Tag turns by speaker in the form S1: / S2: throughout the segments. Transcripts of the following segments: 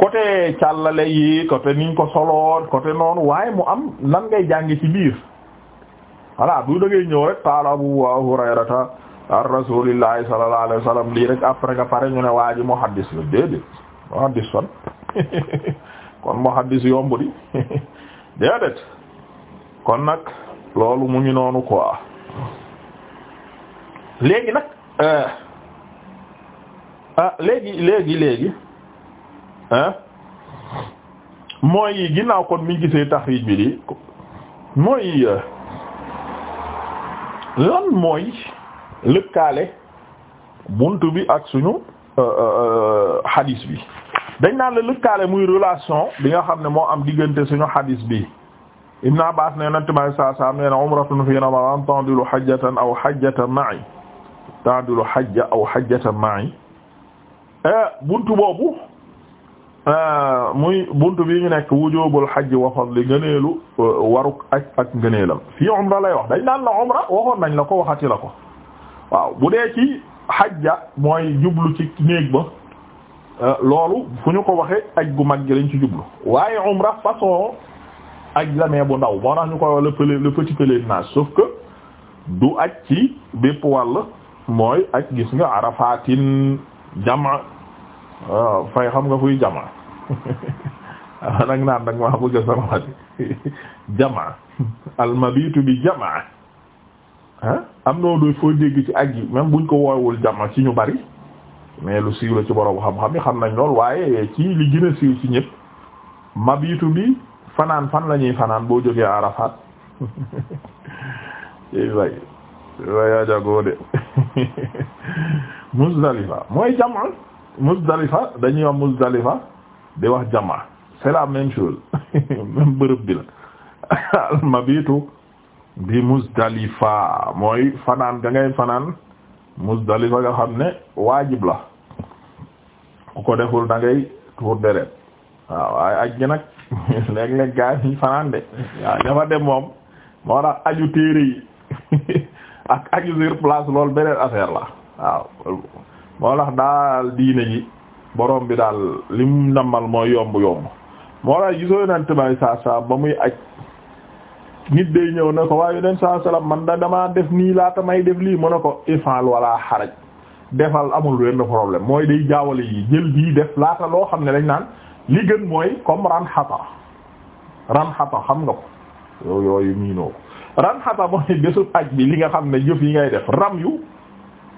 S1: côté càllale yi côté niñ ko soloon côté noonu waaye mu am nan ngay jàngi ci biir voilà bu dëggee ñëw rek qaala Abu Hurayrata ar rasulillahi sallallahu alayhi wa lii rek après nga pare ñu ne waa ji muhaddis la déedéet muhaddis fan kon muhaddis yomb di déedéet kon nag loolu mu ngi noonu quoi léegi nag euh, ah léegi léegi léegi ah mooy ginnaaw kon mi gisee taxriij bi di mooy euh, lan mooy lëkkaale bunt bi ak suñu euh, euh, hadis bi dañ naan la lëkkaale muy relation bi nga xam ne moo am diggante suñu hadis bi Ibn Abbas ne yonente mi alei saat salaam nee na umratun fi ramadan ta'dilu hajjatan aw hajjatan ma'i ta'dilu hajja aw hajjatan ma'i eh, bunt boobu Euh, muy buntu bi ñu nekk wujubul hajj wa fadli ngëneelu euh, waruk aj ak ngëneelam fii umra lay wax dañ naan la umra waxoon nañ la ko waxati la ko waaw bu dee ci hajja mooy jublu ci néeg ba euh, loolu fu ñu ko waxee aj gu mag gi lañ ci jublu waaye umra façon aj la bu ndaw moo tax ñu koy le pele le petit pèlerinage sauf que du aj ci bépp wàll mooy aj gis nga arafatin jama fay xam nga fuy jama waaw nag naan nag maa bëgg sama jamaa almabitu bi jamaa ah am noo doy foo dégg ci ak yi même buñ ko woowul jamaa ci ñu bari mais lu siiw la ci borom xam-xam yi xam nañ lool waaye ci li gën a siiw ci ñëpp mabitu bi fanaan fan lañuy fanaan boo jógee Arafat yéy way waya jagoo de Muzdalifa mooy jamaa Muzdalifa dañuy wax Muzdalifa di wax jamaa c'est la même chose même bërëb bi la al mabitu bi Muzdalifa mooy fanaan ga fanaan Muzdalifa nga xam ne waajib la ku ko deful da ngay deret waaw waaye aj gi nag léeg-léeg gaa yi fanaan de waaw ñafa dem moom moo tax aju téere yi ak aju sur place loolu beneen affaire la waaw moo tax daal diine ji borom bi daal li mu namal mooy yomb yomb moo tax gisoo yonent bay saa saa ba muy aj nit day ñëw ne ko waaye yonent saa salaam man da damaa def nii laata may def lii mu ne ko ifal wala xaraj defal amul benn problème mooy day jaawale yi jël bii def laata loo xam ne dañ naan li gën mooy comme ran xata ran xata xam nga ko yooyu miinoo ko ran xata mooy bésu aj bi li nga xam ne jëf yi ngay def ram yu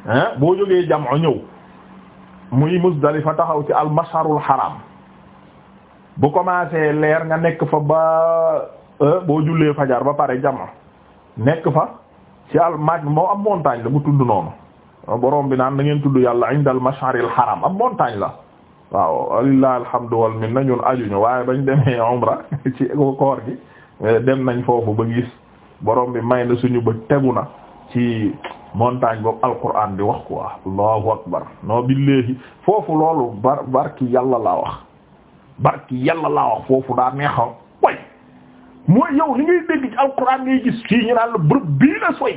S1: ah boo jógee jamono ñëw muy Muzdalifa taxaw ci almasharul haram bu commencé leer nga nekk fa ba euh, boo jullee fajar ba pare jama nekk fa ci al maaj moo am montagne la bu tudd noonu borom bi naan da ngeen tudd yàlla indal masharil haram am montagne la waaw alilah alhamdu wal minna ñun ajuñu waaye bañ demee umra ci koor gi dem nañ foofu ba gis borom bi may na suñu bët tegu na ci montagne boobu alquran di wax quoi allahu akbar non billahi foofu loolu barki yàlla laa wax barki yàlla laa wax foofu daa neexal way mooy yow li ngay dégg ci alquran ngay gis fii ñu naan la bërëb bii la soy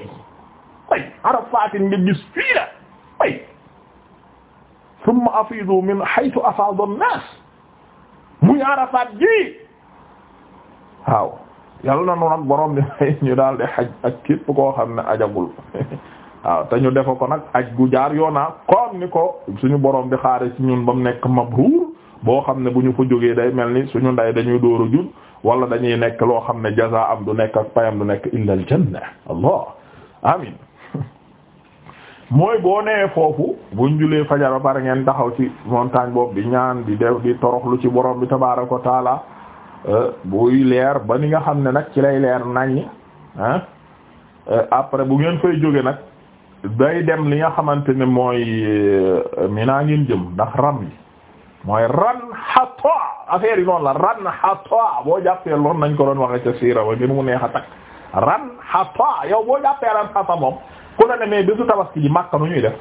S1: way arafaatin nga gis fii la way thumma afidu min haythu afada an-nas muy arafaat ji waaw yàlla na nu nag borom bi may ñu daal di ak képp koo xam ne ajagul waaw te ñu defe ko nag aj gu jaar yoonaa comme ni ko suñu borom bi xaare ci ñun ba mu nekk mabruur boo xam ne bu ñu fa jógee day mel ni suñu nday dañuy door a jul wala dañuy nekk loo xam ne jaza am du nekk ak payam du nekk illa al janna allah amin mooy boo newee foofu buñ julee fajar a pare ngeen taxaw ci montagne boobu di ñaan di def di toroxlu ci borom bi tabaaraka wa taala Euh, buy leer ba ni nga xam ne nag ci lay leer naññ ah euh, après bu ngeen fay jóge nag day dem li nga xamante ne mooy euh, naa ngeen jëm ndax ram yi mooy ran xatoi affaire yi noonu la ran xatoi boo jàppee loon nañ ko doon waxe ca siira ba ngir mu neex a takk ran xatoi yow boo jàppee ran xata moom ku ne ne mais bésu tabaski ji màkka nu ñuy def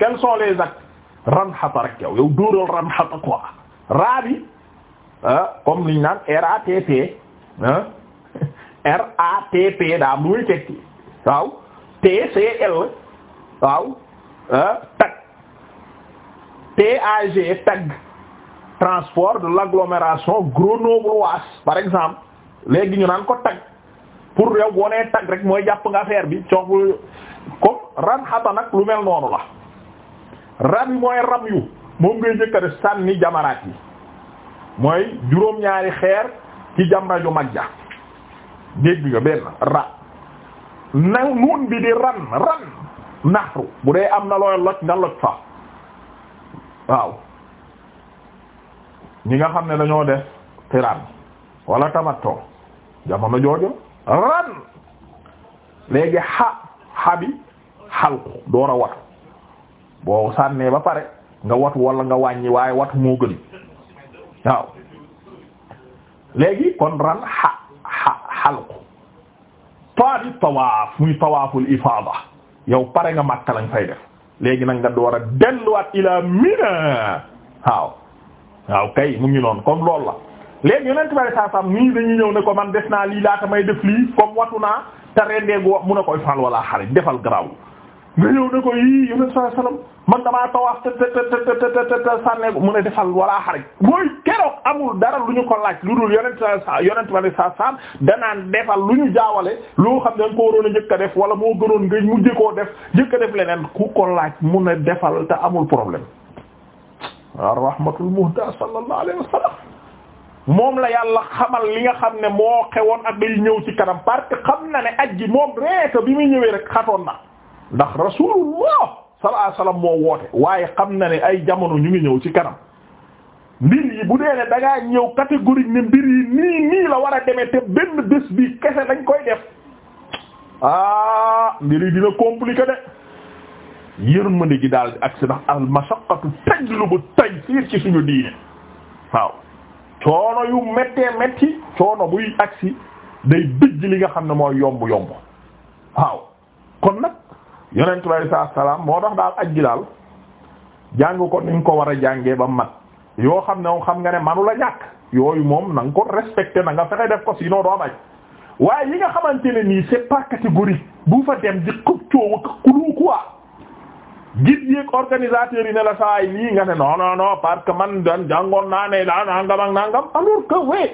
S1: quels sont les actes ran xata rek yow yow dóoral ran xata quoi raa bi Ah, comme liñ naan RATP ah, RATP daa am lu muy tekki waaw TCL waaw ah, tag TAG tag transport de l'agglomération grenobloise par exemple léegi ñu naan ko tag pour yow boo nee tag rek mooy jàpp nga affaire bi coox comme ran xata nag lu mel noonu la rab yi rab yu moom ngay jëkka def sànni jamaraat mooy juróom-ñaari xeer ci jamra ju mag ja dégg nga benn ra nag nuun bi di ran ran naxru bu dee am na looy loj nga loj fa waaw ñi nga xam ne dañoo def walla wala tamatto jamono joojo ran léegi xa xa bi xalku door a watu boo sànnee ba pare nga watu walla nga wàññi waaye watu moo gën waaw léegi kon ran xa xa xalku pas di tawaaf muy tawaaful ifaada yow pare nga Makka lañ fay def léegi nag nga door a delluwaat ila Mina waaw waaw kay mu ngi noonu comme loolu la léegi yonent bi saa saam nii dañuy ñëw ne ko man des naa lii laata may def lii comme watu naa ta rendee gu wax mun a koy faal wala xarit defal garaawul nga ñëw ne ko yii yonent sallallahu alayhi wasallam man damaa tawaaf te te te te te sànneeku mu ne defal wala xaraj mooy keroog amul dara lu ñu ko laaj lu dul yonent sallallahu yonent sallallahu alayhi wasallam danaan defal lu ñu jaawale loo xam ne nga ko waroon a njëkk a def wala moo gënoon nga mujj koo def njëkk def leneen ku ko laaj mu ne defal te amul problème. waaw rahmatul muhda sallallahu alayhi moom la yàlla xamal li nga xam ne moo xewoon ak day ñëw ci kanam parce xam na ne aji moom rek bi muy ñëwee rek xatoon na. ndax rasulullah sallallahu moo woote waaye xam na ni ay jamono ñu ngi ñëw ci kanam mbir yi bu dee ne da ñëw catégorique ne mbir yi nii nii la war a demee te benn bés bi kese dañ koy def ah mbir yi dina compliqué de yërmande gi daal di agsi ndax al mashaqqatu tajlubu taysir ci suñu diine waaw coono yu méttee métti coono buy agsi day dëj li nga xam ne mooy yomb yomb waaw kon nag. yonent bi saa salaam moo tax daal aj gi daal jàng ko ni nga ko war a jàngee ba mat yoo xam ne moom xam nga ne manu la ñàkk yooyu moom na nga ko respecté na nga fexe def ko sinon doo am aj waaye yi nga xamante ne nii c'est pas catégorique bu fa dem di ko coow ak kulu quoi guide yi ak organisateurs yi ne la saa yi lii nga ne non non non parce que man daan jàngoon naa ne daa nangam ak nangam alors que oui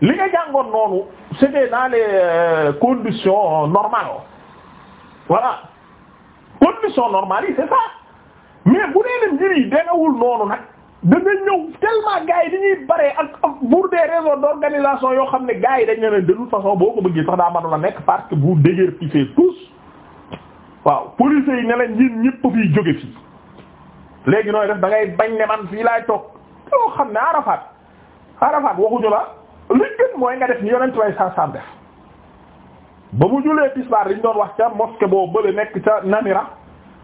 S1: li nga jàngoon noonu c'était dans les euh, conditions normales voilà. condition normale yi c'est ça mais bu dee leen mbir yi demewul noonu nag da nga ñëw tellement gars yi dañuy baree ak pour des raisons d'organisation yoo xam ne gars yi dañ ne de toute façon boo ko bëggee sax daa la nekk parce que vous déguerpissez tous waaw police yi ne leen ñun ñëpp fiy jóge fii léegi nooy def da ngay bañ ne man fii laay toog yoo xam ne Arafat Arafat waxuñu la li gën mooy nga def ni yonent way sa sam def ba mu julee tisbaar liñ doon wax ca mosquée boo bële nekk ca Namira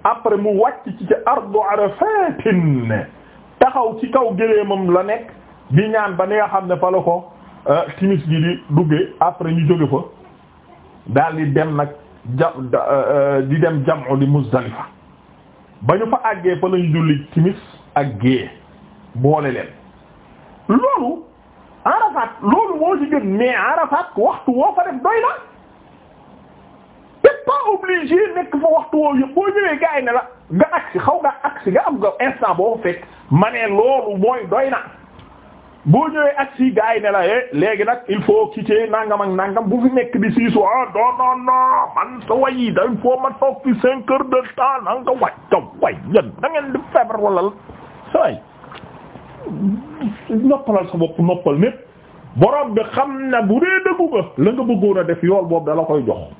S1: après mu wàcc ci ca ardu Arafatin taxaw ci kaw géléemam la nekk di ñaan ba ni nga xam ne fa la ko euh, timis gi di duggee après ñu jóge fa daal di dem nag ja euh, di dem jamu di Muzdalifa ba ñu fa àggee fa lañu julli timis ak gée boole leen loolu Arafat loolu moo ci gën mais Arafat waxtu woo fa def doy na pas obligé nekk fa waxtu woo yëpp boo ñëwee gars yi ne la xaw nga agsi nga am nga instant boo fekk ma doy na boo ñëwee agsi gars eh, léegi nag il faut quitter nangam ak nangam bu fi nekk bi siisu ah non non non man sa way yi ma toog fi cinq heures temps na nga waaj way ñen da ngeen wala sa way noppalal sa bopp noppal népp borom bi xam na bu dee dëggu nga la nga bëggoon a def yool boobu da la koy jox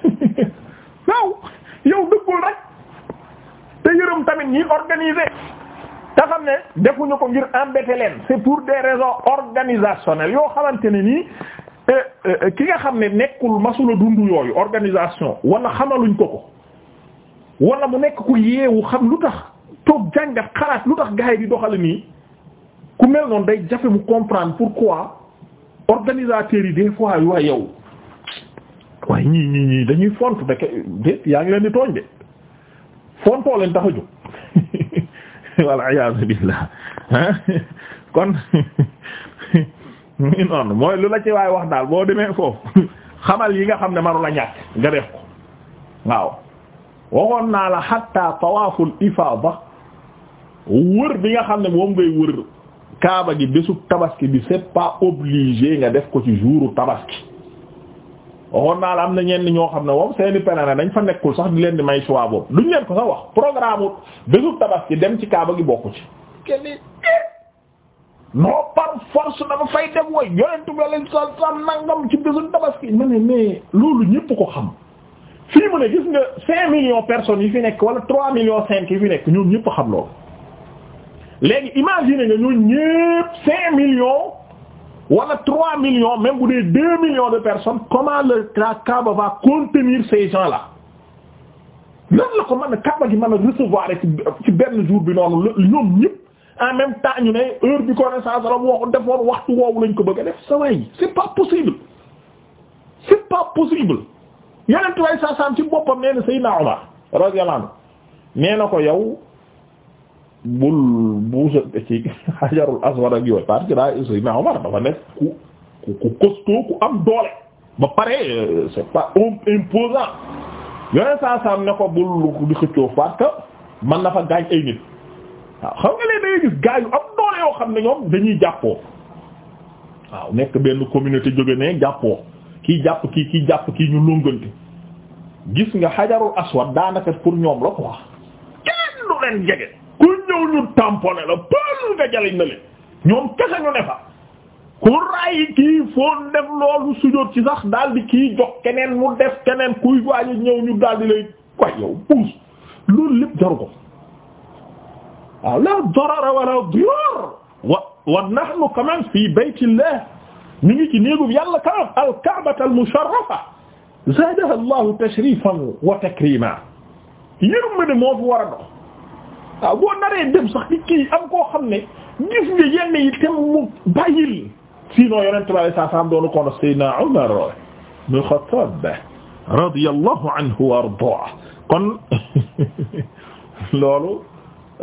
S1: waaw yow dëggul rek te yërëm tamit ñii organiser te xam ne defuñu ko ngir en leen c'est pour des raisons organisationnelles yoo xamante ne nii eh, eh, ki nga xam ne nekkul masula dundu yooyu organisation wala xamaluñ ko ko wala mu nekk ku yeewu xam lu tax toog jàngat xalaat lu tax gars yi di doxale nii ku mel noonu day jafe mu comprendre pourquoi organisateurs yi des fois waa yow waaye ñii ñii ñii dañuy font de de yaa ngi leen di tooñ de fontoo leen tax a jóg walla iyaazu billaah kon ngi mooy lu la ci waay wax daal boo demee foofu xamal yi nga xam ne manu la ñàkk nga def ko waaw waxoon naa la xatta tawaaful ifaada wër bi nga xam ne moom ngay wër kaaba gi bésu tabaski bi set pas obligé nga def ko ci jouru tabaski waxoon naa la am na ñenn ñoo xam ne moom seeni pèlerin dañ fa nekkul sax di leen di may choix boobu duñ leen ko sax wax programme wut bésu tabaski dem ci kaaba gi bokku ci. kenn eh, non par force dafa fay dem woy yonentu bi alayhi salaatu salaam nangam ci bésu tabaski ma ne loolu ñëpp ko xam fii mu ne gis nga cinq millions personnes yi fi nekk wala trois millions cinq yi fi nekk ñoom ñëpp xam loolu léegi imagine nga ñooñu ñëpp cinq millions. wala trois millions même bu dee deux millions de personnes comment le la Kaaba va contenir ces gens-là la la ko man a Kaaba gi man a recevoir ci benn jour bi noonu ñoom ñëpp en même temps ñu ne heure bi ko Nabi sallam waxu defoon waxtu woowu lañ ko bëgg a def sa way c'est pas possible c'est pas possible yeneen way sa sam ci boppam nee na Seydina Omar radiyallahu anhu nee na ko yow bul buusante ci xajarul ak yooyu parce que pare euh, c'est pas imposant yoneen parce que man na fa gaañ ay xam nga leen day gis gaañu am doole yoo xam ne ñoom dañuy jàppoo waaw nekk benn communauté jóge ne jàppoo kii jàpp kii kii jàpp kii ñu longante nga xajarul aswad daanaka pour ñoom la kenn du leen jege ku ñëw ñu tamponné la pël nga jaliñ na leen ñoom kese ñu ne fa ku ray kii foo def loolu sujjóot ci sax daal di kii jox keneen mu def keneen kuy waaye ñëw ñu daal di lay koy yow puus loolu lépp jaru ko waaw wa wa nahnu kaman fi baytillah ñu ngi ci néegub yàlla kaam al kaabata al musharrafa zaadaha allahu tashrifan wa takrima yërmande moo fi war a dox waaw boo dem sax ci kii am koo xam ne gis nga yenn yi te mu bàyyil sinon yonent bi saa saam doonu ko wax Seydina Umar ibn Khattab radiyallahu anhu wa ardaa kon loolu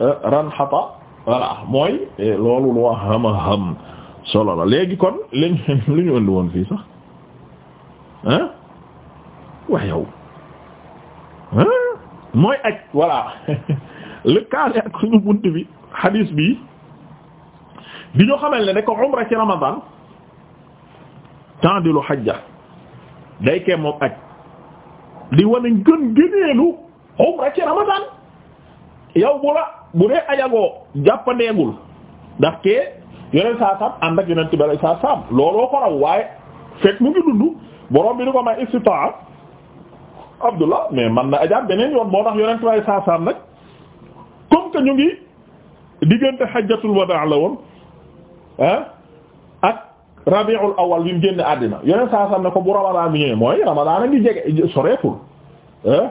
S1: euh, ranxata voilà mooy eh, loolu loo xam a xam la léegi kon liñ lu ñu fii sax ah waa yow mooy aj voilà lëkkaale ak suñu bunt bi xadiis bi di ñu xamal ne rek ko umra ci ramadan ta'dilu hajja day kee moom aj di wane gën gëneelu umra ci ramadan yow bu la bu dee ajagoo jàppandeegul ndax kee yeneen saa saam ànd ak yeneen tibere saa saam looloo ko raw waaye fekk mu ngi dund borom bi di ko may istitaa abdullah mais man na ajaat beneen yoon moo tax yeneen tibere saa saam nag que ñu ngi diggante xajjatul wadaa la woon ah ak ko bu ramadaan bi ñëwee ramadaan a ngi jege soreetul ah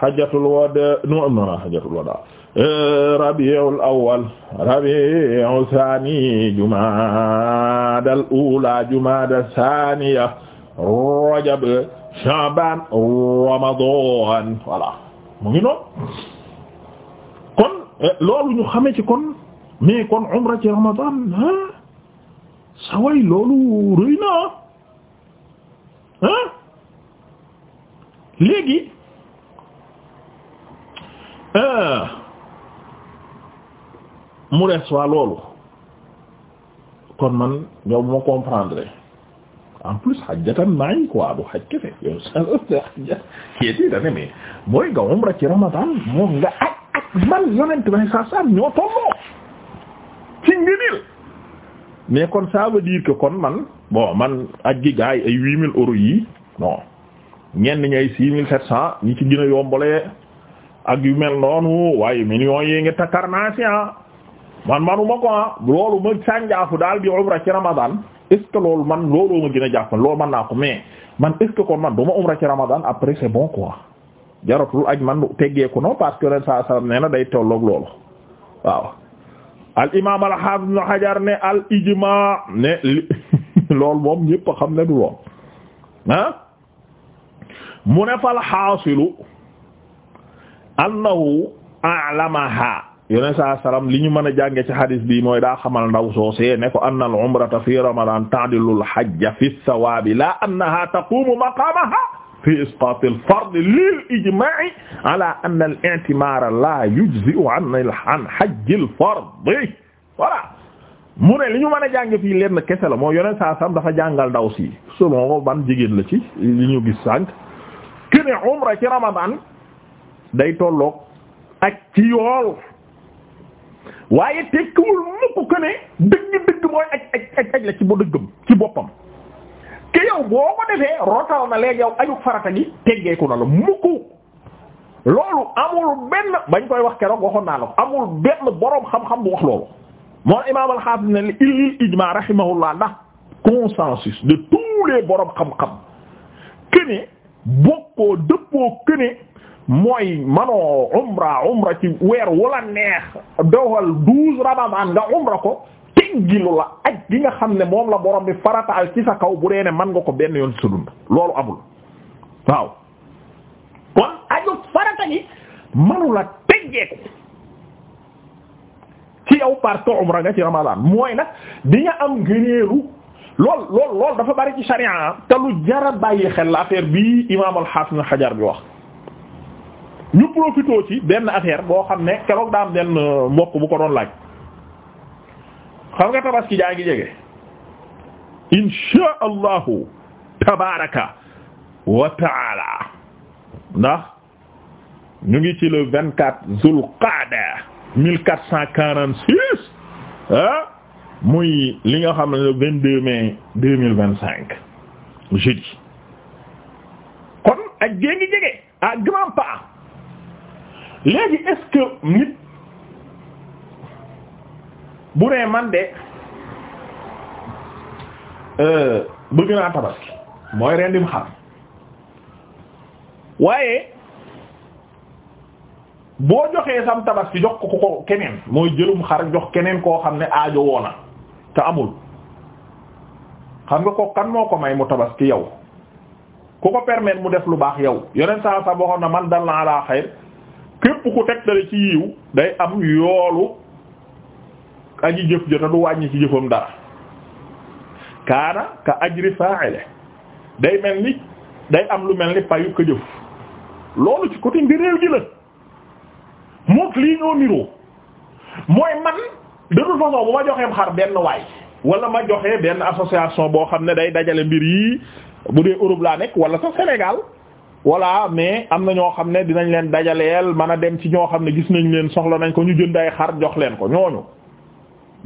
S1: xajjatul wadaa non non non xajjatul wadaa eh, rabiul awal rabiul saani jumaadal uula jumaada saaniya rajab sha'ban ramadan voilà mu ngi noonu loolu ñu xamee ci kon mais kon umra ci ramadan ah sa way loolu rëy na ah léegi euh, mu des waa loolu kon man ñoo bu ma comprendre en plus xajjatan maa ko quoi du xaj kese yow sa xajja kéeti dane mais mooy nga umra ci ramadan moom nga man yonent bay sa ñoo tolloo ci ngëneel mais kon ça veut dire kon man bon man ak gi gaay ay huit mille euros yi non ñenn ñi ay six mille sept cent ñi ci gën a ak yu mel noonu waaye millions yee nga takarnasi ah man manuma ko ah loolu ma sànjaafu daal di umra ci ramadan est ce que loolu man looloo ma gën a jàpp loolu man naa ko mais man est ce que kon man duma umra ci ramadan après c'est bon quoi jaratul aj man teggeeku no parce que leen nee na day tolloog loolu waaw al imaam al hafiz ibn hajar ne al ijma ne loolu moom ñépp a ne du lool mu ne fal xaasilu annahu a'lamaha yoneen saa salaam li ñu mën a jànge ci hadis bi mooy daa xamal ndaw soosee ne ko anna al umrata fi ramadan ta'dilu al hajja fi thawabi la annaha taqumu maqamaha fi isqaat al fard lil ijmaa' ala anna al i'timaar la yujzi'u an hajj al fard voilà mu ne li ñu mën a jàng fii leen kese la mooy yoneen saa sam dafa jàngal ndaw si selon ko ban jigéen la ci li ñu gis sànq kene umra ci ramadan day tolloog ak ci yool waaye tekkiwul mukk ko ne dëgg dëgg mooy aj aj aj la ci bu ci boppam que yow boo defee rotal na léegi yow ajug farata gi teggeeku na la mukku loolu amul benn bañ koy wax keroog waxoon naa la amul benn boroom xam-xam bu wax loolu moom imaam al ne li illil ijma rahimahullah ndax consensus de tous les xam-xam këne bokkoo dëppoo këne mooy manoo umra umra ci weer wala neex doxal douze ramadan nga umra ko teggilu la aj gi nga xam ne moom la borom bi farataal ci sa kaw bu dee ne mën nga ko benn yoon ci sa loolu amul waaw kon aju farata gi manula teggeeku ci yow parte umra nga ci ramadan mooy nag di nga am gëneelu lool lool lool dafa bari ci sharia te lu jara bàyyi xel la affaire bi imaam al-Hafiz Hajar bi wax ñu profité ci benn affaire boo xam ne keroog daa am benn mbokk bu ko doon laaj xam nga tabaski jaa ngi jege insha allahu tabaraka wa taala ndax ñu ngi ci le vingt quatre zul quatre cent quarante six ah muy li nga xam ne le vingt deux mai mille vingt cinq kon ak jée ngi jege à grand pas léegi est-ce bu nee man de euh, bëgg naa tabaski mooy rendim xar waaye boo joxee sam tabaski jox ko ko keneen mooy jëlum xar jox keneen koo xam ne aajo woona te amul xam nga ko kan moo ko may mu tabaski yow ku ko permettre mu def lu baax yow yeneen saa sa waxoon na man dal naa laa xayr képp ku tegtale ci yiw day am yoolu aji jëf jota du wàññi ci jëfam dara kaana ka ajri fa'ile day mel ni day am lu mel ni payu ko jëf loolu ci côté ngi réew ji la mook lii ñoo niroo mooy man de toute façon bu ma joxeem xar benn waay wala ma joxee benn association boo xam ne day dajale mbir yi bu dee Europe laa nekk wala sax Sénégal voilà mais am na ñoo xam ne dinañ leen dajaleel man a dem ci ñoo xam ne gis nañ leen soxla nañ ko ñu jënd ay xar jox leen ko ñooñu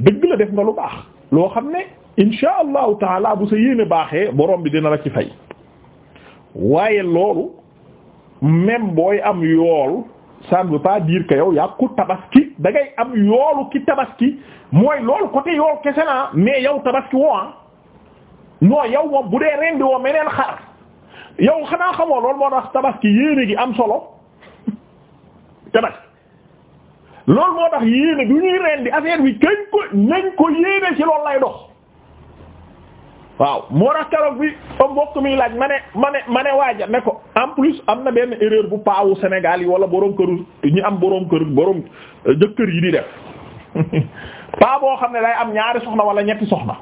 S1: dëgg la def nga lu baax loo xam ne insha allahu taala bu sa yéene baaxee borom bi dina la ci fay waaye loolu même booy am yool ça bu veut pas dire que yow yaa ku tabaski dangay am yoolu ki tabaski mooy loolu côté yool kese naa mais yow tabaski woo ah non yow moom bu dee rendi woo meneen xar yow xanaa xamoo loolu moo tax tabaski yéene gi am solo tabaski loolu moo tax yéene du ñuy rendi affaire wi kañ ko nañ ko yéene ci lool lay dox waaw moo tax keroog bi ba mbokk mi laaj ma ne ma ne ma ne waaja ne ko en plus am na benn erreur bu paawu Sénégal yi wala borom këru ñi am boroom kër borom jëkkër yi di def paa boo xam ne daay am ñaari soxna wala ñetti soxna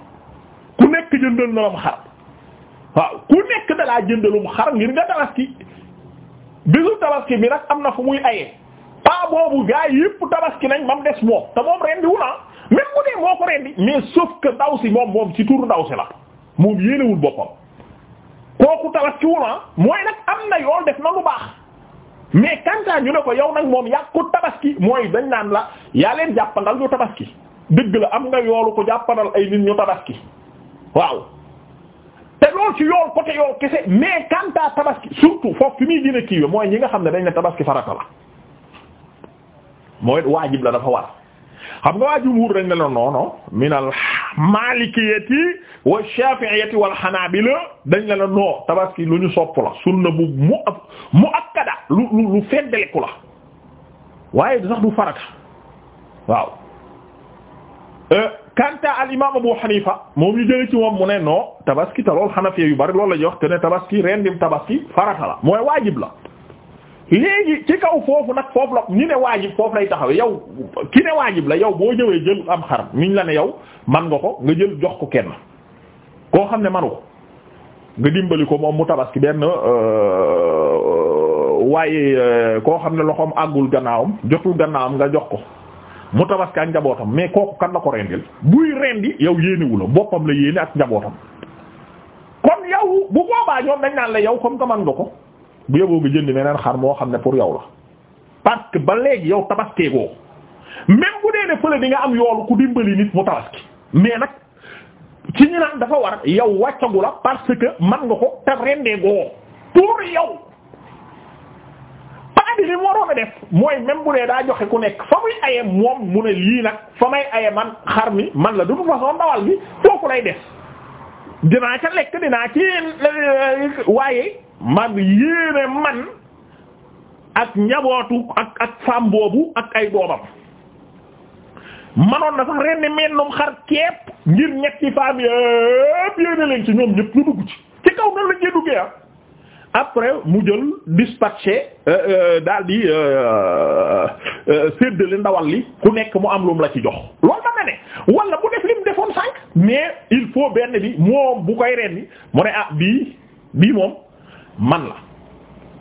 S1: ku nekk jëndal na lam xar waaw ku nekk dalaa jëndalum xar ngir nga tabaski bisu tabaski bi nag am na fu muy ayee paa boobu gars yi yëpp tabaski nañ ba mu des moom te moom rendi wu naa même mu dee moo ko rendi mais sauf que ndaw si moom moom si tur ndaw si la moom yéenewul boppam kooku tabaski wu naa mooy nag am na yool def na lu baax mais kantaa ñu ne ko yow nag moom yàgg ko tabaski mooy dañ naan la yaa leen jàppandal ñu tabaski dëgg la am nga yoolu ko jàppandal ay nit ñu tabaski waaw te loolu ci yool côté yool kese mais kantaa tabaski surtout foofu fi muy gën ñi nga xam ne dañ ne tabaski farata la mooy waajib la dafa war xam nga waa jumhur dañ ne la noono min al malikiyati wa shafi'iyati wal hanabila dañ ne noo tabaski lu ñu sopp la sunna bu mu muakkada lu lu lu la waaye sax du farata waaw kanta euh, al imam Abu Hanifa moom ñu jëlee ci moom mu ne noo tabaski te lool Hanafi yu bari loolu la jox te ne tabaski ren dim tabaski farata la mooy waajib la léegi ci kaw foofu nag foofu la ñu ne waajib foofu lay taxaw yow ki ne waajib la yow boo ñëwee jël am xar miñ la ne yow man nga ko nga jël jox ko kenn koo xam ne manu ko nga dimbali ko moom mu tabaski benn euh, euh, waaye euh, koo xam ne loxoom àggul gannaawam jotul gannaawam nga jox ko mu tabaski ak njabootam mais kooku kan la ko rendil buy rendi yow yéenewu la boppam la yéene ak njabootam kon yaw bu boobaa ñoom dañ naan la yow comme que man nga ko bu yeboo nga jënd meneen xar moo xam ne pour yow la parce que ba léegi yow tabaskeegoo même bu dee ne fële di nga am yoolu ku dimbali nit mu tabaski mais nag ci ñu naan dafa war yow wàccagu la parce que man nga ko te rendeegoo pour yow paa li mu waroon a def mooy même bu dee daa joxe ku nekk fa muy aye moom mu ne lii nag fa may aye man xar mi man la de toute façon ndawal bi foofu lay des dinaa ca lekk dinaa ci waaye man yéene man ak njabootu ak ak femme boobu ak ay doomam manoon na sax ren ne mennum xar kepp ngir ñetti femme yépp yéene leen ci ñoom ñëpp ñu dugg ci ci kaw nan lañ duggee ah après mu jël dispatché euh, euh, daal euh, séddale ndawal li ku nekk mu am lum la ci jox loolu man ne wala bu def lim defoon sànq mais il faut benn bi moom bu koy ren ni mu ne ah bii bii moom man la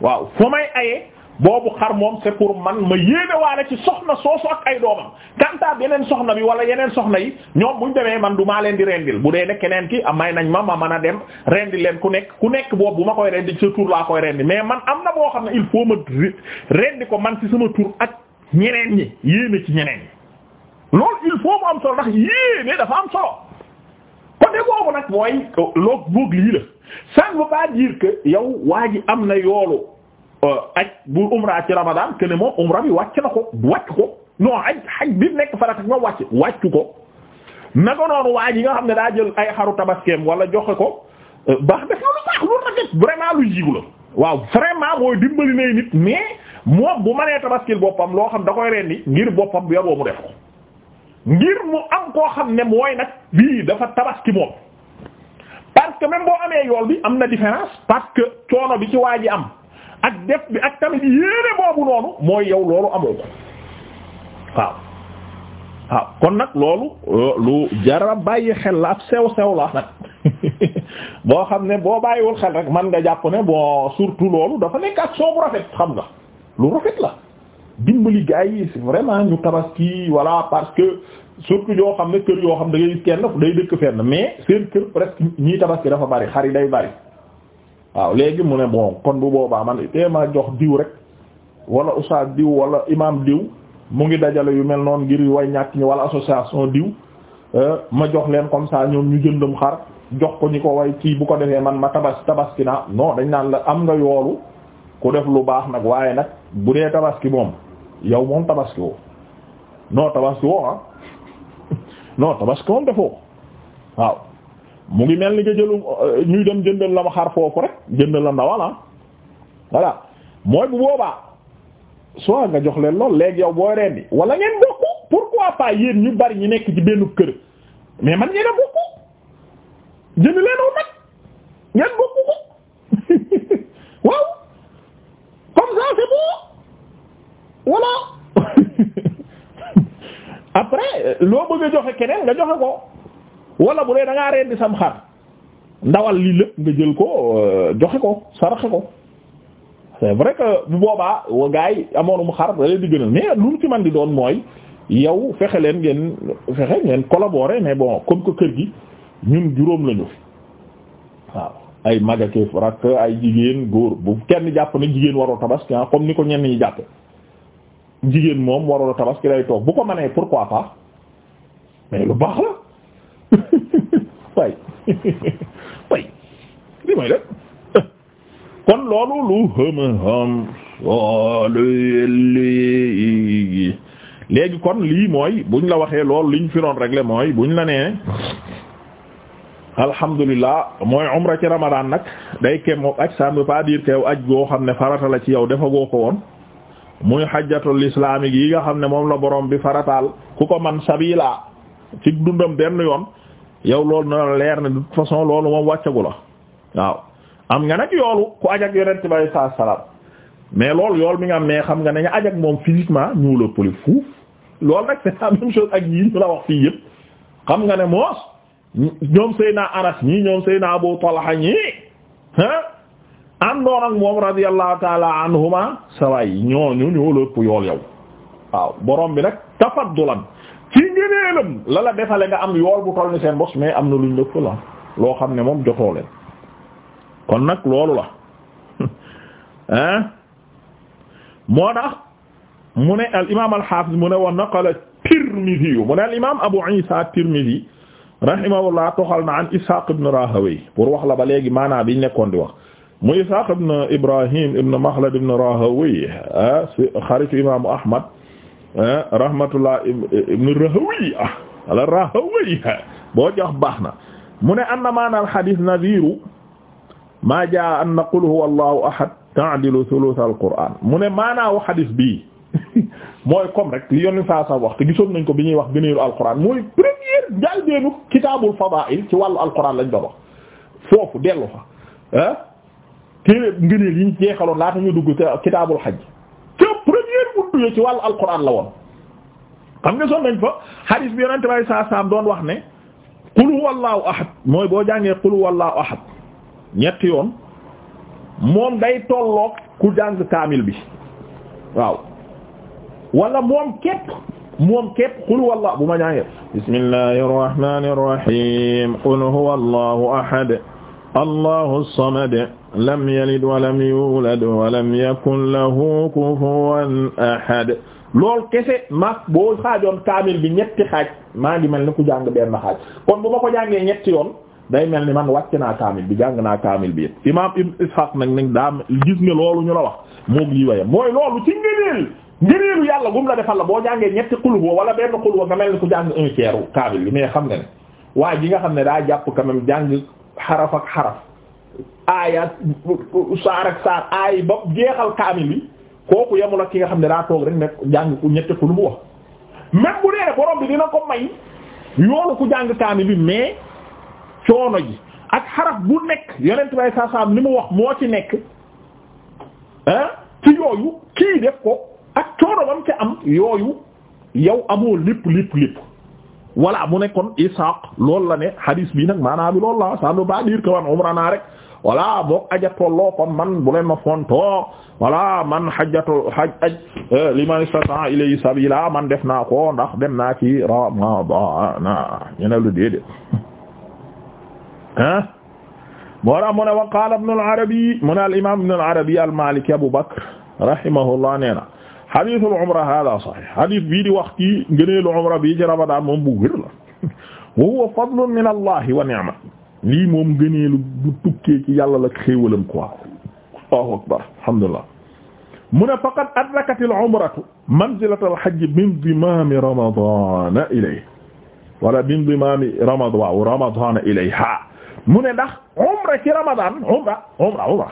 S1: waaw fu may aye boobu xar moom c'est pour man ma yéene waale ci soxna soosu ak ay doomam kanta beneen soxna bi wala yeneen soxna yi ñoom buñ demee man du maa leen di rendil bu dee ne keneen ki may nañ ma ma mën a dem rendi leen ku nekk ku nekk boobu bu ma koy rendi sa tur laa koy rendi mais man am na boo xam ne il faut ma rendi ko man ci sama tur ak ñeneen ñi yéene ci ñeneen ñi loolu il faut mu am solo ndax yéene dafa am solo côté boobu nag mooy ça ne veut pas dire yow waa ji am na yoolu euh, aj bu umra ci ramadan que ne moom umra bi wàcc na ko wàcc ko non aj bi nekk farata ma wàcc wàccu ko naka noonu waa ji nga xam ne daa jël ay xaru tabaskeem wala joxe ko euh, baax def na lu baax lu rafet vraiment lu jigu la waaw vraiment mooy dimbali nay nit mais moom bu mënee tabaskil boppam loo xam da koy yi ngir boppam bu yaboo mu def ko ngir mu am koo xam ne mooy nag bii dafa tabaski moom parce que même boo amee yool bi am na différence parce que coono bi ci waa ji am ak def bi ak tamit yéene boobu noonu mooy yow loolu amoo ko waaw waaw kon nag loolu euh, lu jara bàyyi xel la ab sew sew la nag boo xam ne boo bàyyiwul xel rek man nga jàpp ne bon surtout loolu dafa nekk ak soobu rafet xam nga lu rafet la dimbali gars yi c'est vraiment ñu tabaski voilà parce que surtout yoo xam ne kër yoo xam da kenn gis kenn day dëkk fenn mais seen kër presque ñii tabaski dafa bari xar yi day bari waaw léegi mu ne bon kon bu boobaa man tee ma jox diw rek wala oustaz diw wala imam diw mu ngi dajale yu mel noonu ngir way ñàkk ñi wala association diw euh, ma jox leen comme sa ñoom ñu jëndum xar jox ko ñi ko way ci bu ko defee man ma tabas tabaski naa non dañ naan la am nga yoolu ku def lu baax nag waaye nag bu dee tabaski moom yow moom tabaski woo non ah. non tabaski moom defoo ko waaw mu ngi mel ni nga jëlu euh, ñuy dem jëndal la ma xar foofu rek jëndal la ndawal ah voilà mooy bu boobaa soit nga jox leen lool léegi yow booy rendi wala ngeen bokk pourquoi pas yéen ñu bari ñu nekk ci bennu kër mais man ngeen a jënd leen aw nag ngeen bokk ko waaw comme ça c'est bon voilà. après euh, loo bëgg a joxe keneen nga joxe ko wala bu dee da ngaa rendi sam xar ndawal lii lépp nga jël ko euh, joxe ko saraxe ko c'est vrai que bu boobaa gars yi amoonum xar da leen di gënal mais lu mu ci man di doon mooy yow fexe leen ngeen fexe ngeen collaborer mais bon comme que kër gi ñun juróom lañu fi waaw ay magake rak ay jigéen góor bu kenn jàpp na jigéen waroo tabaski ah, comme ni ko ñenn ñi jàppe jigéen moom warul a ki lay toog bu ko mënee pourquoi pas mais lu baax la way way li mooy lépp kon loolu lu xam xam soluy léegi kon lii mooy buñ la waxee lool liñ fi doon régler mooy buñ la nee alhamdulilah mooy umra ci ramadan nag day kem moom aj ça ne veut pas aj goo xam ne farata la ci yow dafa goo ko woon muy xajjatul islamique yi nga xam ne moom la boroom bi farataal ku ko man sabila ci dundam benn yoon yow loolu na leer ne de façon loolu moom wàccagu la waaw am nga nag yoolu ku ajak yonent bay saa salaam mais loolu yool mi nga am mais xam nga nañu ajak moom physiquement ñu la pële fuuf loolu nag c'est la même chose ak yii ñu la wax fii yëpp xam nga ne moos ñoom Seyna Anas ñii ñoom naa Abu Talha ñii àndoon ak moom radiyallahu taala anhuma sawaay waaw borom bi nag tafaddulan ci ngëneelam la la defale nga am yool bu ni seen bos mais am na luñ lépp la loo xam ne moom jotoo kon nag loolu la ah moo tax mu ne al imaam al xaafiz mu ne wa naqala Tirmidhi mu ne al imaam Abu Isa Tirmidhi rahimahullah toxal na an Ishaq ibn Rahawayh pour wax la ba léegi maanaam biñ nekkoon di wax. mu Ishaaq ibn Ibrahim ibn Makhlad ibn Rahawayh xaritu imaamu Ahmad ah, rahmatullah ibn Rahawayh ala Rahawayh boo jox baax na mu ne anna maanaam xadiis nadiiru maa jaa an qul huwa allahu ahad ta'dilu thuluth al-Qur'aan mu ne maanaawu xadiis bii mooy comme rek li yoonu saa saa wax te gisoon nañ ko bi ñuy wax gëneelu alquran mooy première njàlbeenu kitaabul fadaa'il ci wàllu alquran lañ doon wax foofu dellu fa ah. téere ngëneel yi ñu jeexaloon laata ñu dugg kitaabul xaj ca première buntu yo ci wàllu alquran la woon xam nga son nañ fa bi yonente bay saa saam doon wax ne qul huwallahu ahad mooy boo jàngee qul huwallahu ahad ñetti yoon moom day tolloog ku jàng kaamil bi waaw wala moom képp moom képp qul huwallahu bu ma ñaangee bismillahir rahmanir rahim qul huwallahu ahad allahu samad lam yalid walam yulad walam yakun lahu kufuwan ahad lool kese mag boo xaajoon kaamil bi ñetti xaaj maa ngi mel ni ku jàng benn xaaj kon bu ma ko jàngee ñetti yoon day mel ni man wàcc naa kaamil bi jàng naa kaamil bi yëpp imaam ibn ishaq nag nag daa gis nga loolu ñu la wax moom lii waye mooy loolu ci ngëneel ngëneelu yàlla gum la defal la boo jàngee ñetti xulwa wala benn xulwa nga mel ni ku jàng un tiers kaamil bi mais xam nga ne waaye ji nga xam ne daa jàpp quand même jàng xaraf ak xaraf aaya saar ak saar aay ba jeexal kaamil bi kooku yemul ak ki nga xam ne daa toog rek nekk jàng ku ñette ku lu mu wax même bu dee borom bi dina ko may yoonu ku jàng kaamil bi mais coono ji ak xaraf bu nekk yonent bay saa saam mu wax moo ci nekk ah ci yooyu kii def ko ak coono bam ci am yooyu yow amoo lépp lépp lépp voilà mu ne kon la ne hadis bi nag maanaa bi loolu la ça ne veut pas dire que man aja tolloo kon man bu ma fontoo voilà man hajjato haj aj euh, liman istata sabila man def naa ko ndax dem naa ci ramadana ñu lu déedéet ah moo tax mu wa qala ibn al-Arabi mu ne al imam Abu Bakr rahimahullah nee xadiisul umra hada saxiix xadiis bii di wax ci ngëneelu umra bii ci Ramadan moom bu wér la wa huwa fadlun min allahi wa ni'ma lii moom ngëneelu bu tukkee ci yàlla la xéewalam quoi allahu akbar alhamdulillah mu ne faqad adrakatil umratu manzilatal hajji min dimaami ramadana ilayhi wala min dimaami ramadan waaw ramadana ilayha mu ne ndax umra ci ramadan umra umra umra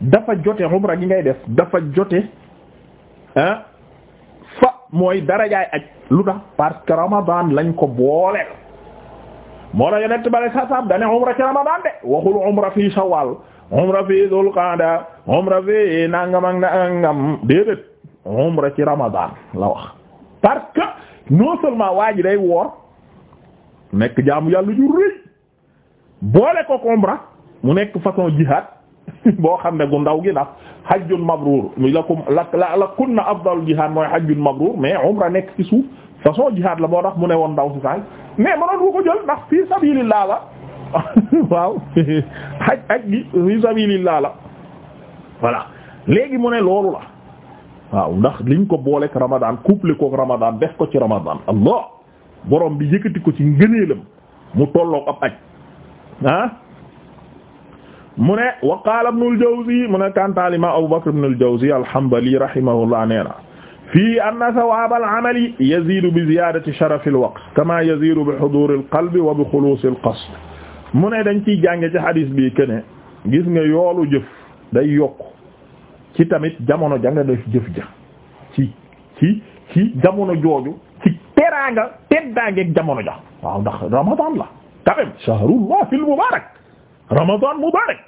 S1: dafa jote umra gi ngay def dafa jote ah fa mooy darajaay aj lu tax parce que ramadan lañ ko booleel moo la yonent bale sa dane umra ci ramadan de waxul umra fii shawal umra fii dul qaada umra fii nangam nangam déedéet umra ci ramadan la wax parce que non seulement waa day woor nekk jaamu yàlla ju rëy boole ko umra mu nekk façon jihad boo xam ne gu ndaw gi ndax hajjun mabruur lakum la la kunna afdalul jihaad mooy hajjun mabruur mais umra nekk ci suuf façon jihaad la moo tax mu ne woon ndaw si sànq mais mënoon bu ko jël ndax fii sabilillah la waaw haj haj gi fii sabilillah la voilà léegi mu ne loolu la waaw ndax liñ ko booleeg Ramadan couple koog Ramadan def ko ci Ramadan allah borom bi yëkkati ko ci ngëneelam mu tolloog ab aj ah. mu ne wa qaala ibnul Jawzi mu ne kantaal imaam Abu Bakr ibnul Jawzi al-Hanbali rahimahullah nee na fii anna sawaabal amali yaziidu bi ziyaadati sharafil waqt kamaa yaziidu bi huduuril qalbi wa bi xuluusil qasd mu ne dañ ciy jànge ci hadis bi kene gis nga yoolu jëf day yokk ci tamit jamono ja nga def ja ci jamono jooju ci teraanga teddaangeeg jamono ja Ramadan la quand même shahrullahil mubaarak ramadan mubarak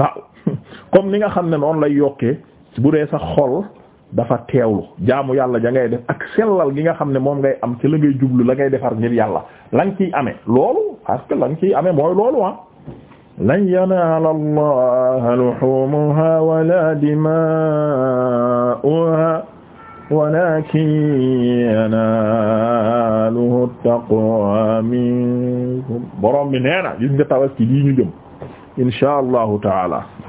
S1: waaw comme ni nga xam ne noonu lay yokkee buree dee sa xol dafa teewlu jaamu yàlla ja ngay def ak sellal gi nga xam ne moom ngay am ci la jublu langay ngay defar ngir yàlla la nga ciy amee loolu parce que la nga ciy amee mooy loolu ah lan yanaala allaha luhumuha wala dima'uha walakin yanaaluhu taqwa minkum borom bi nee na gis nga tabaski lii ñu jëm insha allahu taala